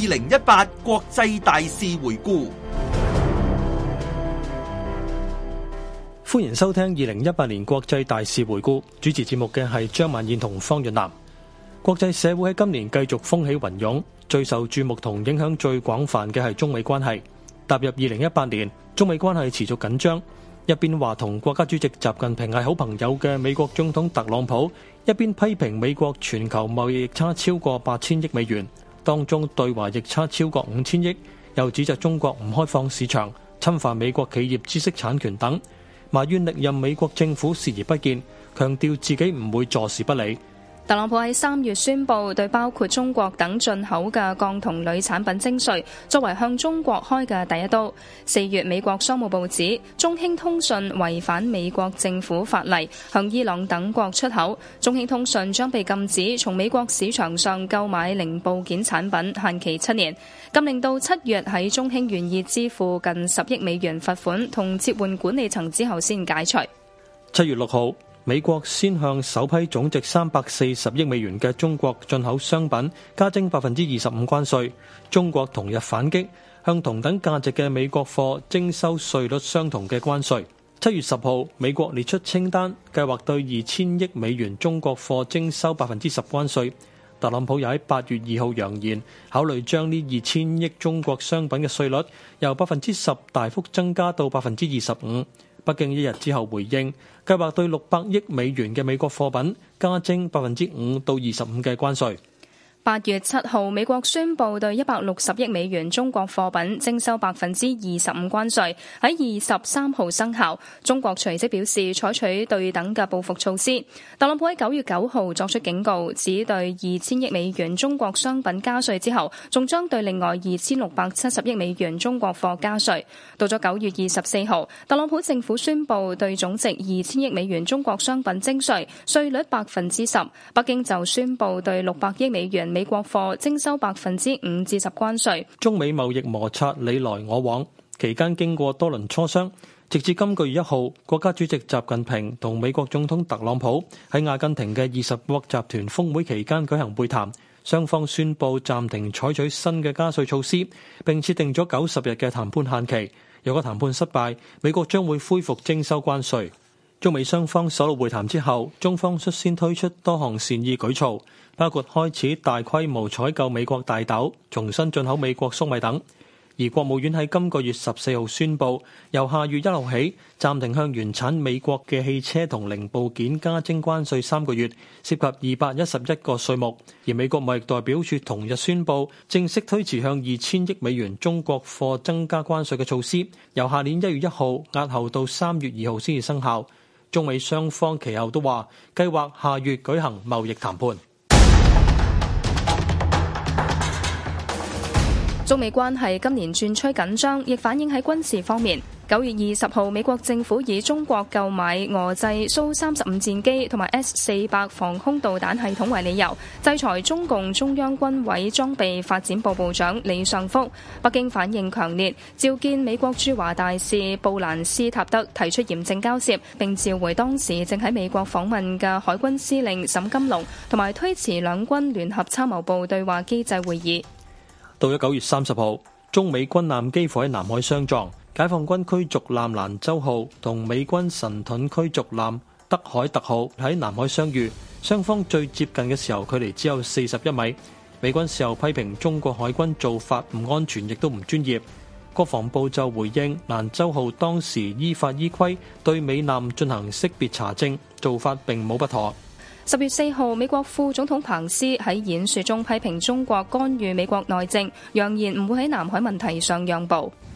二零一八國際大事回顧，歡迎收聽二零一八年國際大事回顧。主持節目嘅係張萬燕同方潤南。國際社會喺今年繼續風起雲湧，最受注目同影響最廣泛嘅係中美關係。踏入二零一八年，中美關係持續緊張。一邊話同國家主席習近平係好朋友嘅美國總統特朗普，一邊批評美國全球貿易逆差超過八千億美元。當中對華逆差超過五千億，又指責中國唔開放市場、侵犯美國企業知識產權等，埋怨歷任美國政府視而不見，強調自己唔會坐視不理。特朗普喺三月宣布對包括中國等進口嘅鋼同鋁產品徵稅，作為向中國開嘅第一刀。四月，美國商務部指中興通訊違反美國政府法例，向伊朗等國出口。中興通訊將被禁止從美國市場上購買零部件產品，限期七年。禁令到七月喺中興願意支付近十億美元罰款同切換管理層之後先解除。七月六號。美國先向首批總值三百四十億美元嘅中國進口商品加徵百分之二十五關稅，中國同日反擊，向同等價值嘅美國貨徵收稅率相同嘅關稅。七月十號，美國列出清單，計劃對二千億美元中國貨徵收百分之十關稅。特朗普又喺八月二號揚言，考慮將呢二千億中國商品嘅稅率由百分之十大幅增加到百分之二十五。北京一日之後回應，計劃對六百億美元嘅美國貨品加徵百分之五到二十五嘅關稅。八月七號，美國宣布對一百六十億美元中國貨品徵收百分之二十五關稅，喺二十三號生效。中國隨即表示採取對等嘅報復措施。特朗普喺九月九號作出警告，指對二千億美元中國商品加稅之後，仲將對另外二千六百七十億美元中國貨加稅。到咗九月二十四號，特朗普政府宣布對總值二千億美元中國商品徵稅，稅率百分之十。北京就宣布對六百億美元美國貨徵收百分之五至十關稅。中美貿易摩擦你來我往期間，經過多輪磋商，直至今個月一號，國家主席習近平同美國總統特朗普喺阿根廷嘅二十國集團峰會期間舉行會談，雙方宣布暫停採取新嘅加稅措施，並設定咗九十日嘅談判限期。如果談判失敗，美國將會恢復徵收關稅。中美雙方首腦會談之後，中方率先推出多項善意舉措，包括開始大規模採購美國大豆、重新進口美國粟米等。而國務院喺今個月十四號宣布，由下月一號起暫停向原產美國嘅汽車同零部件加徵關稅三個月，涉及二百一十一個稅目。而美國貿易代表處同日宣布，正式推遲向二千億美元中國貨增加關稅嘅措施，由下年一月一號押後到三月二號先至生效。中美雙方其後都話計劃下月舉行貿易談判。中美關係今年轉趨緊張，亦反映喺軍事方面。九月二十號，美國政府以中國購買俄製蘇三十五戰機同埋 S 四百防空導彈系統為理由，制裁中共中央軍委裝備發展部部長李尚福。北京反應強烈，召見美國駐華大使布蘭斯塔德，提出嚴正交涉，並召回當時正喺美國訪問嘅海軍司令沈金龍，同埋推遲兩軍聯合參謀部對話機制會議。到咗九月三十號，中美軍艦幾乎喺南海相撞。解放軍驅逐艦蘭州號同美軍神盾驅逐艦德海特號喺南海相遇，雙方最接近嘅時候距離只有四十一米。美軍事後批評中國海軍做法唔安全，亦都唔專業。國防部就回應，蘭州號當時依法依規對美艦進行識別查證，做法並冇不妥。十月四號，美國副總統彭斯喺演說中批評中國干預美國內政，揚言唔會喺南海問題上讓步。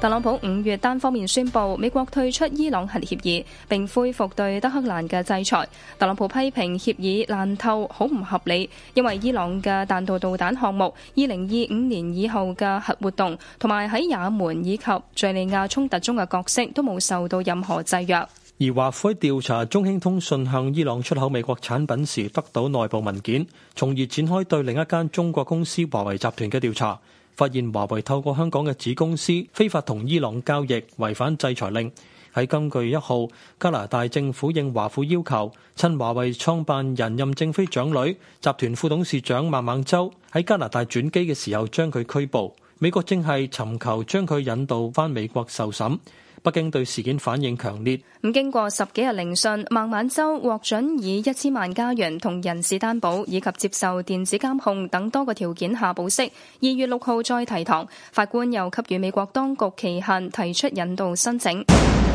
特朗普五月單方面宣布美國退出伊朗核協議，並恢復對德黑蘭嘅制裁。特朗普批評協議爛透，好唔合理，因為伊朗嘅彈道導彈項目、二零二五年以後嘅核活動，同埋喺也門以及敘利亞衝突中嘅角色，都冇受到任何制約。而華府調查中興通訊向伊朗出口美國產品時得到內部文件，從而展開對另一間中國公司華為集團嘅調查。發現華為透過香港嘅子公司非法同伊朗交易，違反制裁令。喺今個月一號，加拿大政府應華府要求，趁華為創辦人任正非長女、集團副董事長孟晚舟喺加拿大轉機嘅時候將佢拘捕。美國正係尋求將佢引渡翻美國受審。北京對事件反應強烈。咁經過十幾日聆訊，孟晚舟獲准以一千萬加元同人事擔保，以及接受電子監控等多個條件下保釋。二月六號再提堂，法官又給予美國當局期限提出引渡申請。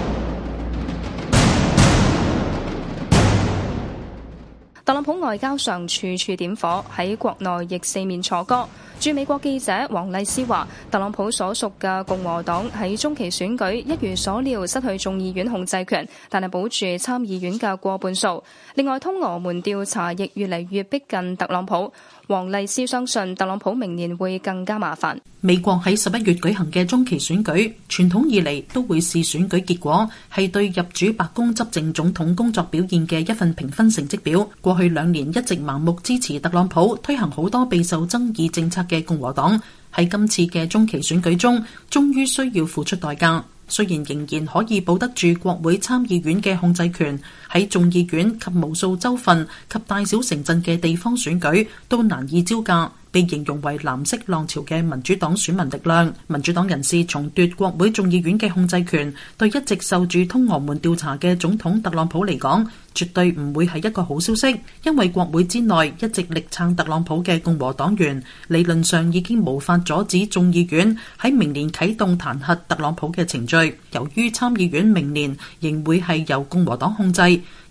特朗普外交上處處點火，喺國內亦四面楚歌。駐美國記者黃麗詩話，特朗普所屬嘅共和黨喺中期選舉一如所料失去眾議院控制權，但係保住參議院嘅過半數。另外，通俄門調查亦越嚟越逼近特朗普。黃麗詩相信特朗普明年會更加麻煩。美國喺十一月舉行嘅中期選舉，傳統以嚟都會視選舉結果係對入主白宮執政總統工作表現嘅一份評分成績表。過去兩年一直盲目支持特朗普推行好多備受爭議政策嘅共和黨，喺今次嘅中期選舉中，終於需要付出代價。雖然仍然可以保得住國會參議院嘅控制權，喺眾議院及無數州份及大小城鎮嘅地方選舉都難以招架。被形容為藍色浪潮嘅民主黨選民力量，民主黨人士重奪國會眾議院嘅控制權，對一直受住通俄門調查嘅總統特朗普嚟講，絕對唔會係一個好消息。因為國會之內一直力撐特朗普嘅共和黨員，理論上已經無法阻止眾議院喺明年啟動彈劾特朗普嘅程序。由於參議院明年仍會係由共和黨控制，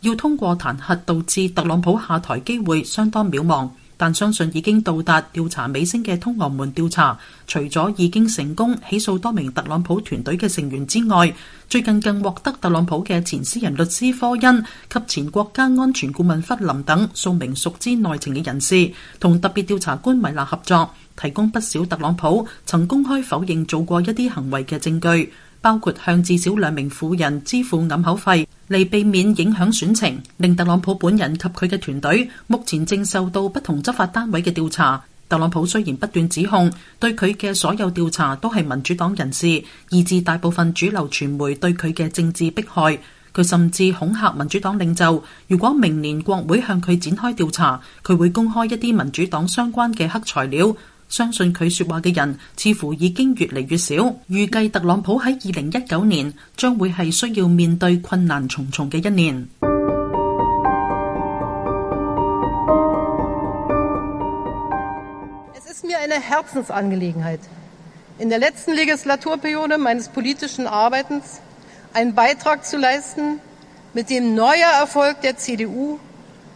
要通過彈劾導致特朗普下台機會相當渺茫。但相信已經到達調查尾聲嘅通俄門調查，除咗已經成功起訴多名特朗普團隊嘅成員之外，最近更獲得特朗普嘅前私人律師科恩及前國家安全顧問弗林等數名熟知內情嘅人士，同特別調查官米納合作，提供不少特朗普曾公開否認做過一啲行為嘅證據。包括向至少兩名婦人支付暗口費，嚟避免影響選情，令特朗普本人及佢嘅團隊目前正受到不同執法單位嘅調查。特朗普雖然不斷指控對佢嘅所有調查都係民主黨人士，以至大部分主流傳媒對佢嘅政治迫害，佢甚至恐嚇民主黨領袖，如果明年國會向佢展開調查，佢會公開一啲民主黨相關嘅黑材料。相信佢說話嘅人似乎已經越嚟越少，預計特朗普喺二零一九年將會係需要面對困難重重嘅一年。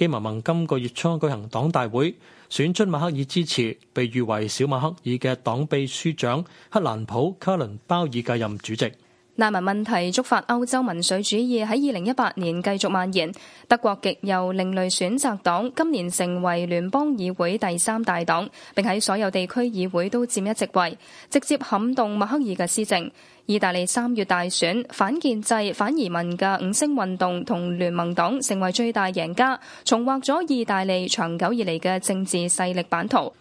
基民盟今個月初舉行黨大會，選出默克爾支持，被譽為小默克爾嘅黨秘書長克蘭普卡倫鮑爾繼任主席。難民問題觸發歐洲民粹主義喺二零一八年繼續蔓延。德國極右另類選擇黨今年成為聯邦議會第三大黨，並喺所有地區議會都佔一席位，直接撼動默克爾嘅施政。意大利三月大選，反建制、反移民嘅五星運動同聯盟黨成為最大贏家，重劃咗意大利長久以嚟嘅政治勢力版圖。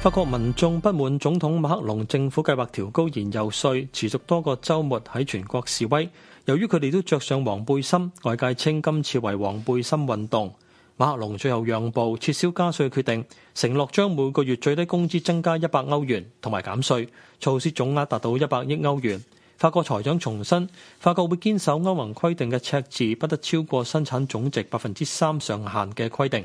法國民眾不滿總統馬克龍政府計劃調高燃油稅，持續多個周末喺全國示威。由於佢哋都着上黃背心，外界稱今次為黃背心運動。馬克龍最後讓步，撤銷加稅決定，承諾將每個月最低工資增加一百歐元同埋減稅，措施總額達到一百億歐元。法國財長重申，法國會堅守歐盟規定嘅赤字不得超過生產總值百分之三上限嘅規定。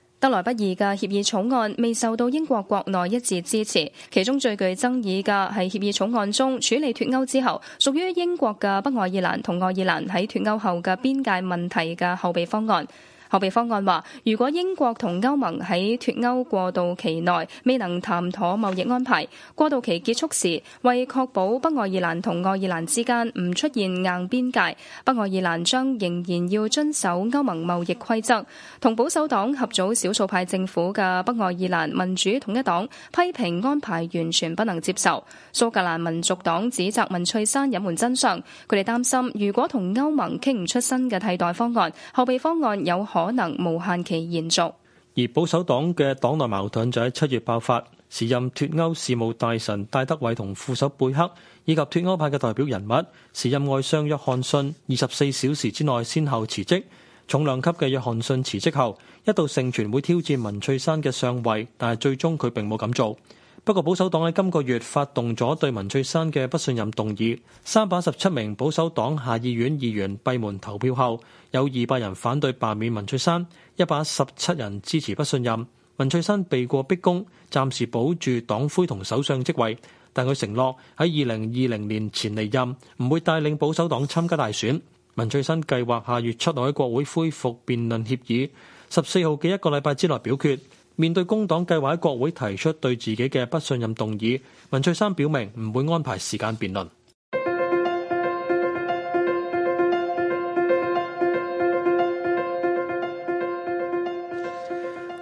得來不易嘅協議草案未受到英國國內一致支持，其中最具爭議嘅係協議草案中處理脱歐之後屬於英國嘅北愛爾蘭同愛爾蘭喺脱歐後嘅邊界問題嘅後備方案。後備方案話，如果英國同歐盟喺脱歐過渡期內未能談妥貿易安排，過渡期結束時，為確保北愛爾蘭同愛爾蘭之間唔出現硬邊界，北愛爾蘭將仍然要遵守歐盟貿易規則。同保守黨合組少數派政府嘅北愛爾蘭民主統一黨批評安排完全不能接受，蘇格蘭民族黨指責文翠珊隱瞞真相，佢哋擔心如果同歐盟傾唔出新嘅替代方案，後備方案有可可能無限期延續。而保守黨嘅黨內矛盾就喺七月爆發，時任脱歐事務大臣戴德偉同副手貝克以及脱歐派嘅代表人物，時任外相約翰遜二十四小時之內先後辭職。重量級嘅約翰遜辭職後，一度盛傳會挑戰文翠珊嘅上位，但係最終佢並冇咁做。不過保守黨喺今個月發動咗對文翠珊嘅不信任動議，三百一十七名保守黨下議院議員閉門投票後。有二百人反對罷免文翠珊，一百一十七人支持不信任。文翠珊避過逼宮，暫時保住黨魁同首相職位，但佢承諾喺二零二零年前離任，唔會帶領保守黨參加大選。文翠珊計劃下月出嚟喺國會恢復辯論協議，十四號嘅一個禮拜之內表決。面對工黨計劃喺國會提出對自己嘅不信任動議，文翠珊表明唔會安排時間辯論。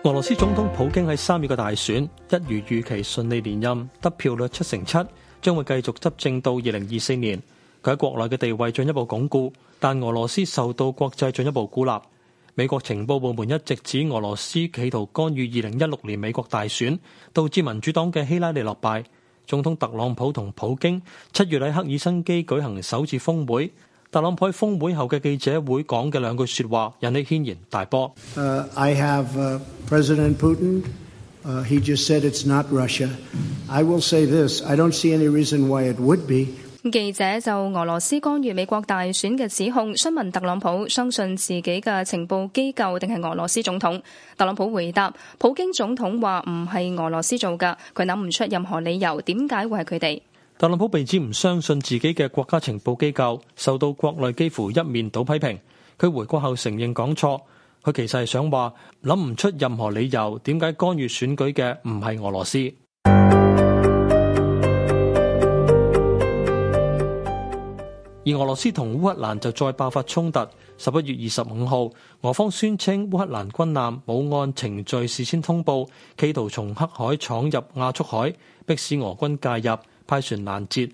俄羅斯總統普京喺三月嘅大選一如預期順利連任，得票率七成七，將會繼續執政到二零二四年。佢喺國內嘅地位進一步鞏固，但俄羅斯受到國際進一步孤立。美國情報部門一直指俄羅斯企圖干預二零一六年美國大選，導致民主黨嘅希拉里落敗。總統特朗普同普京七月喺赫爾辛基舉行首次峰會。特朗普喺峰會後嘅記者會講嘅兩句說話，引起軒然大波。I have President Putin. He just said it's not Russia. I will say this. I don't see any reason why it would be. 記者就俄羅斯干預美國大選嘅指控，詢問特朗普相信自己嘅情報機構定係俄羅斯總統。特朗普回答：普京總統話唔係俄羅斯做㗎，佢諗唔出任何理由點解會係佢哋。特朗普被指唔相信自己嘅國家情報機構，受到國內幾乎一面倒批評。佢回國後承認講錯，佢其實係想話諗唔出任何理由點解干預選舉嘅唔係俄羅斯。而俄羅斯同烏克蘭就再爆發衝突。十一月二十五號，俄方宣稱烏克蘭軍艦冇按程序事先通報，企圖從黑海闖入亞速海，迫使俄軍介入。派船攔截，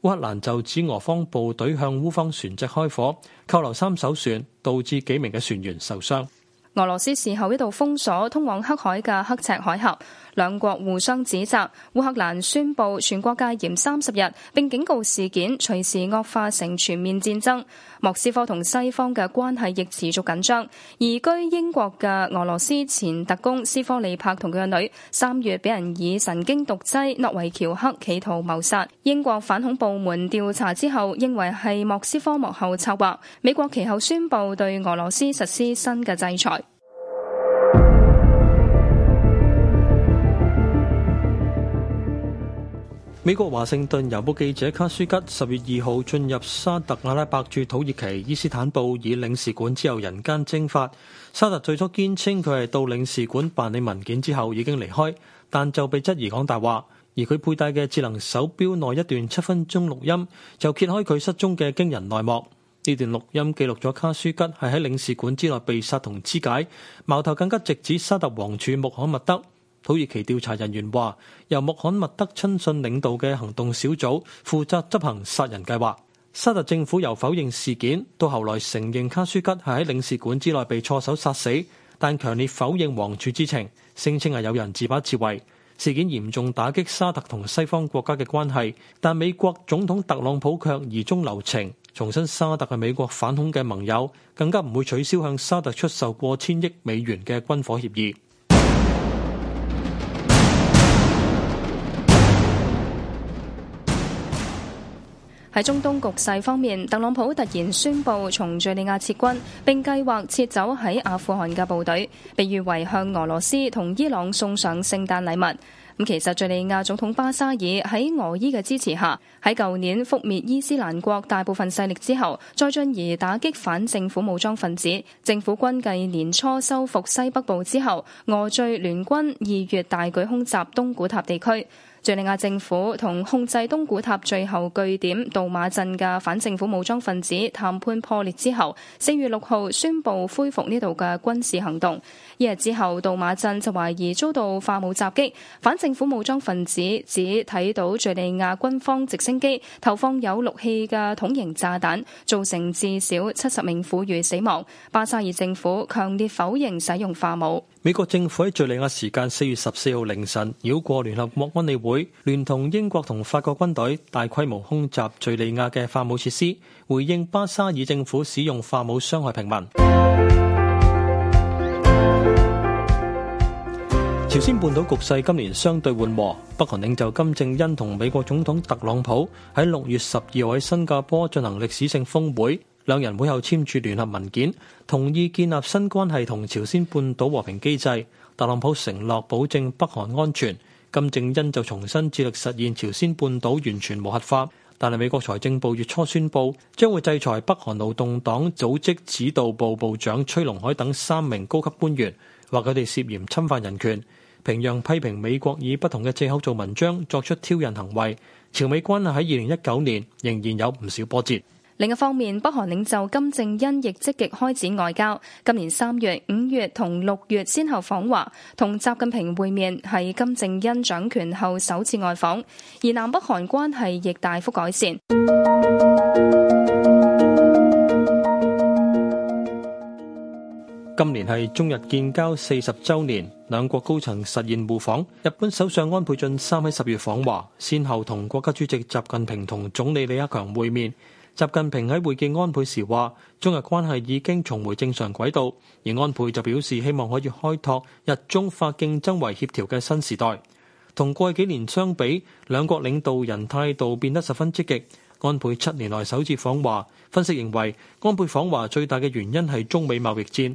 烏克蘭就指俄方部隊向烏方船隻開火，扣留三艘船，導致幾名嘅船員受傷。俄羅斯事後一度封鎖通往黑海嘅刻赤海峽。兩國互相指責，烏克蘭宣布全國戒嚴三十日，並警告事件隨時惡化成全面戰爭。莫斯科同西方嘅關係亦持續緊張。移居英國嘅俄羅斯前特工斯科利柏同佢嘅女三月俾人以神經毒劑諾維喬克企圖謀殺，英國反恐部門調查之後認為係莫斯科幕後策劃。美國其後宣布對俄羅斯實施新嘅制裁。美國華盛頓郵報記者卡舒吉十月二號進入沙特阿拉伯駐土耳其伊斯坦布爾領事館之後人間蒸發。沙特最初堅稱佢係到領事館辦理文件之後已經離開，但就被質疑講大話。而佢佩戴嘅智能手錶內一段七分鐘錄音，就揭開佢失蹤嘅驚人內幕。呢段錄音記錄咗卡舒吉係喺領事館之內被殺同肢解，矛頭更加直指沙特王儲穆罕默德。土耳其調查人員話，由穆罕默德親信領導嘅行動小組負責執行殺人計劃。沙特政府由否認事件到後來承認卡舒吉係喺領事館之內被錯手殺死，但強烈否認王儲之情，聲稱係有人自把自為。事件嚴重打擊沙特同西方國家嘅關係，但美國總統特朗普卻疑中留情，重申沙特係美國反恐嘅盟友，更加唔會取消向沙特出售過千億美元嘅軍火協議。喺中東局勢方面，特朗普突然宣布從敘利亞撤軍，並計劃撤走喺阿富汗嘅部隊，被譽為向俄羅斯同伊朗送上聖誕禮物。咁其實敘利亞總統巴沙爾喺俄伊嘅支持下，喺舊年覆滅伊斯蘭國大部分勢力之後，再進而打擊反政府武裝分子。政府軍繼年初收復西北部之後，俄敘聯軍二月大舉空襲東古塔地區。敘利亞政府同控制東古塔最後據點杜馬鎮嘅反政府武裝分子談判破裂之後，四月六號宣布恢復呢度嘅軍事行動。一日之後，杜馬鎮就懷疑遭到化武襲擊，反政府武裝分子指睇到敍利亞軍方直升機投放有氯氣嘅桶型炸彈，造成至少七十名婦孺死亡。巴沙爾政府強烈否認使用化武。美國政府喺敍利亞時間四月十四號凌晨繞過聯合國安理會，聯同英國同法國軍隊大規模空襲敍利亞嘅化武設施，回應巴沙爾政府使用化武傷害平民。朝鮮半島局勢今年相對緩和，北韓領袖金正恩同美國總統特朗普喺六月十二號喺新加坡進行歷史性峰會，兩人會後簽署聯合文件，同意建立新關係同朝鮮半島和平機制。特朗普承諾保證北韓安全，金正恩就重新致力實現朝鮮半島完全無核化。但係美國財政部月初宣布，將會制裁北韓勞動黨組織指導部部長崔龍海等三名高級官員，話佢哋涉嫌侵犯人權。平壤批評美國以不同嘅借口做文章，作出挑釁行為，朝美關係喺二零一九年仍然有唔少波折。另一方面，北韓領袖金正恩亦積極開展外交，今年三月、五月同六月先後訪華，同習近平會面係金正恩掌權後首次外訪，而南北韓關係亦大幅改善。今年係中日建交四十周年，兩國高層實現互訪。日本首相安倍晉三喺十月訪華，先後同國家主席習近平同總理李克強會面。習近平喺會見安倍時話，中日關係已經重回正常軌道。而安倍就表示希望可以開拓日中法競爭為協調嘅新時代。同過去幾年相比，兩國領導人態度變得十分積極。安倍七年來首次訪華，分析認為安倍訪華最大嘅原因係中美貿易戰。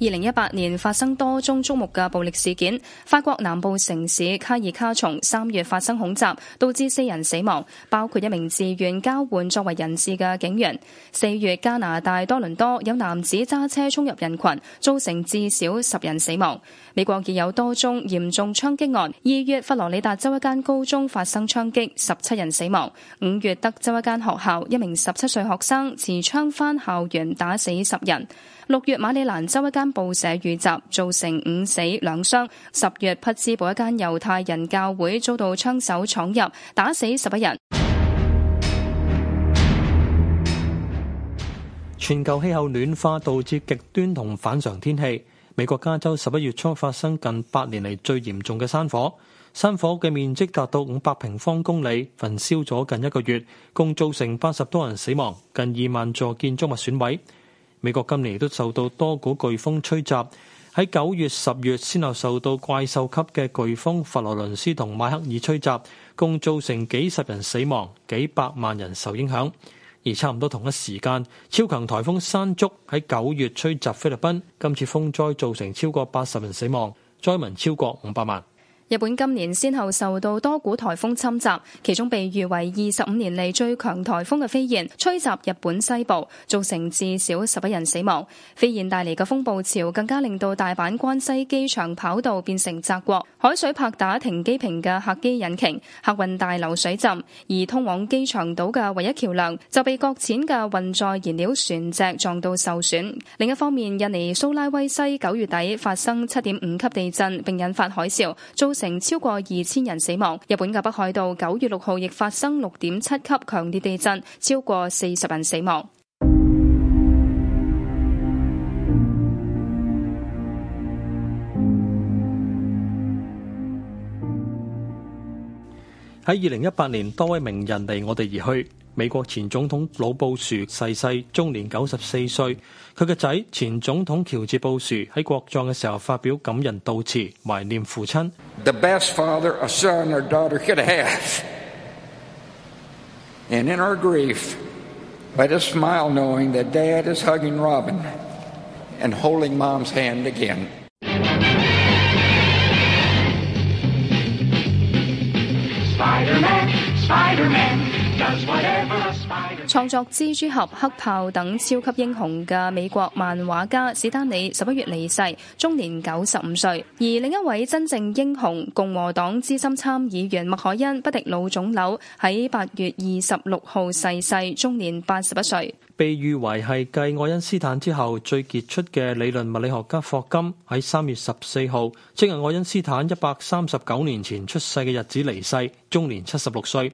二零一八年發生多宗觸目嘅暴力事件。法國南部城市卡爾卡松三月發生恐襲，導致四人死亡，包括一名自願交換作為人質嘅警員。四月加拿大多倫多有男子揸車衝入人群，造成至少十人死亡。美國亦有多宗嚴重槍擊案。二月佛羅里達州一間高中發生槍擊，十七人死亡。五月德州一間學校，一名十七歲學生持槍返校園打死十人。六月馬里蘭州一間報社遇襲，造成五死兩傷；十月匹茲堡一間猶太人教會遭到槍手闖入，打死十一人。全球氣候暖化導致極端同反常天氣。美國加州十一月初發生近八年嚟最嚴重嘅山火，山火嘅面積達到五百平方公里，焚燒咗近一個月，共造成八十多人死亡，近二萬座建築物損毀。美國今年亦都受到多股颶風吹襲，喺九月、十月先後受到怪獸級嘅颶風佛羅倫斯同麥克爾吹襲，共造成幾十人死亡、幾百萬人受影響。而差唔多同一時間，超強颱風山竹喺九月吹襲菲律賓，今次風災造成超過八十人死亡，災民超過五百萬。日本今年先後受到多股颱風侵襲，其中被譽為二十五年嚟最強颱風嘅飛燕，吹襲日本西部，造成至少十一人死亡。飛燕帶嚟嘅風暴潮，更加令到大阪關西機場跑道變成澤國，海水拍打停機坪嘅客機引擎，客運大樓水浸，而通往機場島嘅唯一橋樑就被擱淺嘅運載燃料船隻撞到受損。另一方面，印尼蘇拉威西九月底發生七點五級地震，並引發海嘯，成超過二千人死亡。日本嘅北海道九月六號亦發生六點七級強烈地震，超過四十人死亡。喺二零一八年，多位名人離我哋而去。美國前總統老布殊逝世，終年九十四歲。佢嘅仔前總統喬治布殊喺國葬嘅時候發表感人悼詞，懷念父親。The best father a son or daughter could have. And in our grief, but a smile knowing that Dad is hugging Robin and holding Mom's hand again. Spider-Man, Spider-Man. 創作蜘蛛俠、黑豹等超級英雄嘅美國漫畫家史丹李十一月離世，終年九十五歲。而另一位真正英雄、共和黨資深參議員麥凱恩不敵腦腫瘤，喺八月二十六號逝世，終年八十一歲。被譽為係繼愛因斯坦之後最傑出嘅理論物理學家霍金在3，喺三月十四號，即係愛因斯坦一百三十九年前出世嘅日子離世，終年七十六歲。